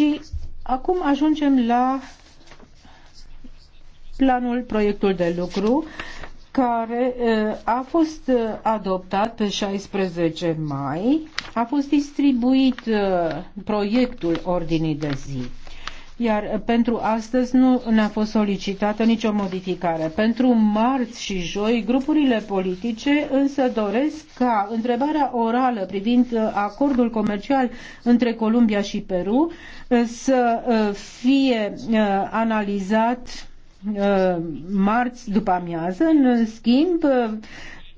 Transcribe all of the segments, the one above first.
Și acum ajungem la planul, proiectul de lucru care eh, a fost eh, adoptat pe 16 mai, a fost distribuit eh, proiectul ordinii de zi iar uh, pentru astăzi nu ne-a fost solicitată nicio modificare. Pentru marți și joi, grupurile politice însă doresc ca întrebarea orală privind uh, acordul comercial între Columbia și Peru uh, să fie analizat marți după amiază, în schimb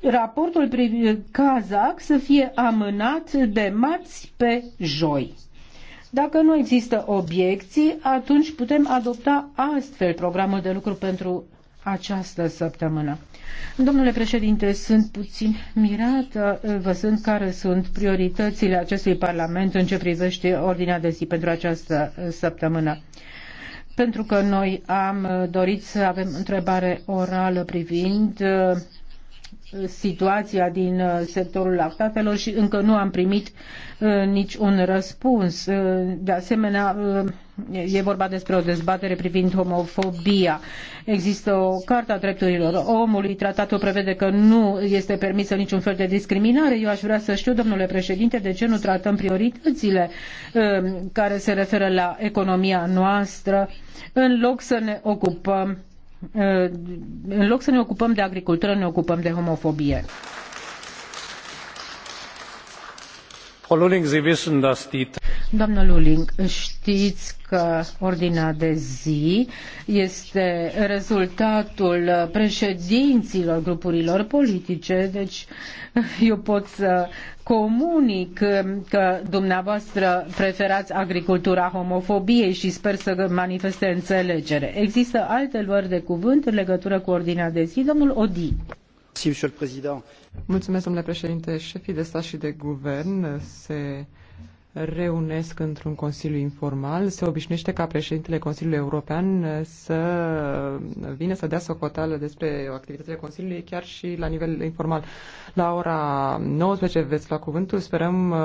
raportul privind Kazak să fie amânat de marți pe joi. Dacă nu există obiecții, atunci putem adopta astfel programul de lucru pentru această săptămână. Domnule președinte, sunt puțin mirată văzând care sunt prioritățile acestui Parlament în ce privește ordinea de zi pentru această săptămână. Pentru că noi am dorit să avem întrebare orală privind situația din uh, sectorul lactatelor și încă nu am primit uh, nici un răspuns. Uh, de asemenea, e vorba despre o dezbatere privind homofobia. Există o carte a drepturilor omului, tratatul prevede că nu este permisă niciun fel de discriminare. Eu aș vrea să știu, domnule președinte, de ce nu tratăm prioritățile care se referă la economia noastră în loc să ne ocupăm în loc să ne ocupăm de agricultură, ne ocupăm de homofobie. Frau Lulling, Sie wissen, dass die Domnul Luling, știți că ordinea de zi este rezultatul președinților grupurilor politice, deci eu pot să comunic că dumneavoastră preferați agricultura homofobiei și sper să manifeste înțelegere. Există alte luări de cuvânt în legătură cu ordinea de zi? Domnul Odi. Mulțumesc, domnule președinte. Șefii de stat și de guvern se reunesc într-un consiliu informal. Se obișnuiește ca președintele Consiliului European uh, să vină să dea socoteală despre activitățile Consiliului chiar și la nivel informal. La ora 19 veți lua cuvântul. Sperăm uh,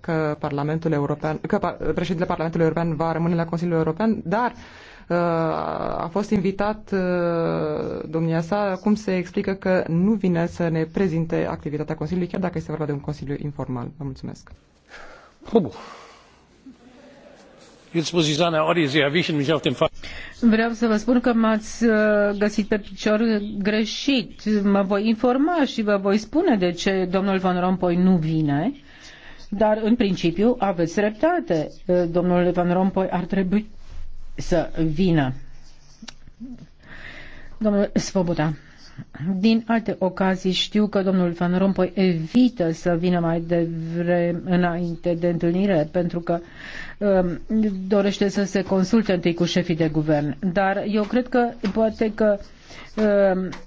că Parlamentul European, că președintele Parlamentului European va rămâne la Consiliul European, dar uh, a fost invitat domnia sa, cum se explică că nu vine să ne prezinte activitatea Consiliului, chiar dacă este vorba de un Consiliu informal. Vă mulțumesc. Vreau să vă spun că m-ați uh, găsit pe picior greșit. Mă voi informa și vă voi spune de ce domnul Van Rompuy nu vine, dar în principiu aveți dreptate. Uh, domnul Van Rompuy ar trebui să vină. Domnul Svoboda. Din alte ocazii știu că domnul Van Rompuy evită să vină mai devreme înainte de întâlnire pentru că um, dorește să se consulte întâi cu șefii de guvern. Dar eu cred că poate că uh,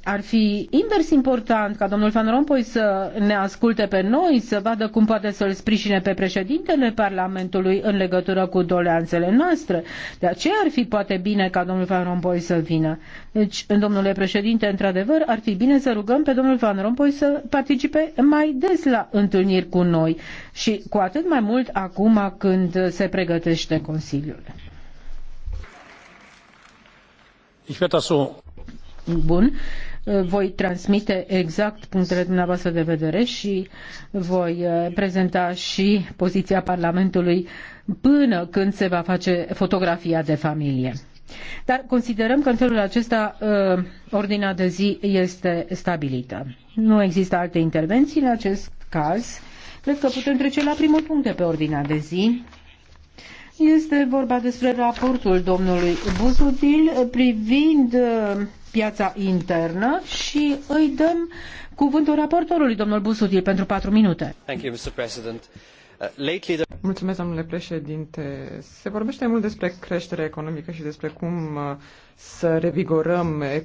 ar fi invers important ca domnul Van Rompuy să ne asculte pe noi, să vadă cum poate să-l sprijine pe președintele Parlamentului în legătură cu doleanțele noastre. De aceea ar fi poate bine ca domnul Van Rompuy să vină. Deci, domnule președinte, într-adevăr, ar fi bine să rugăm pe domnul Van Rompuy să participe mai des la întâlniri cu noi și cu atât mai mult acum când se pregătește Consiliul. Ich werde das so Bun. Voi transmite exact punctele dumneavoastră de vedere și voi uh, prezenta și poziția Parlamentului până când se va face fotografia de familie. Dar considerăm că în felul acesta uh, ordinea de zi este stabilită. Nu există alte intervenții în acest caz. Cred că putem trece la primul punct de pe ordinea de zi. Este vorba despre raportul domnului Buzutil privind uh, piața internă și îi dăm cuvântul raportorului, domnul Buzutil pentru patru minute. Uh, Mulțumesc, domnule președinte. Se vorbește mult despre creștere economică și despre cum uh, să revigorăm economia.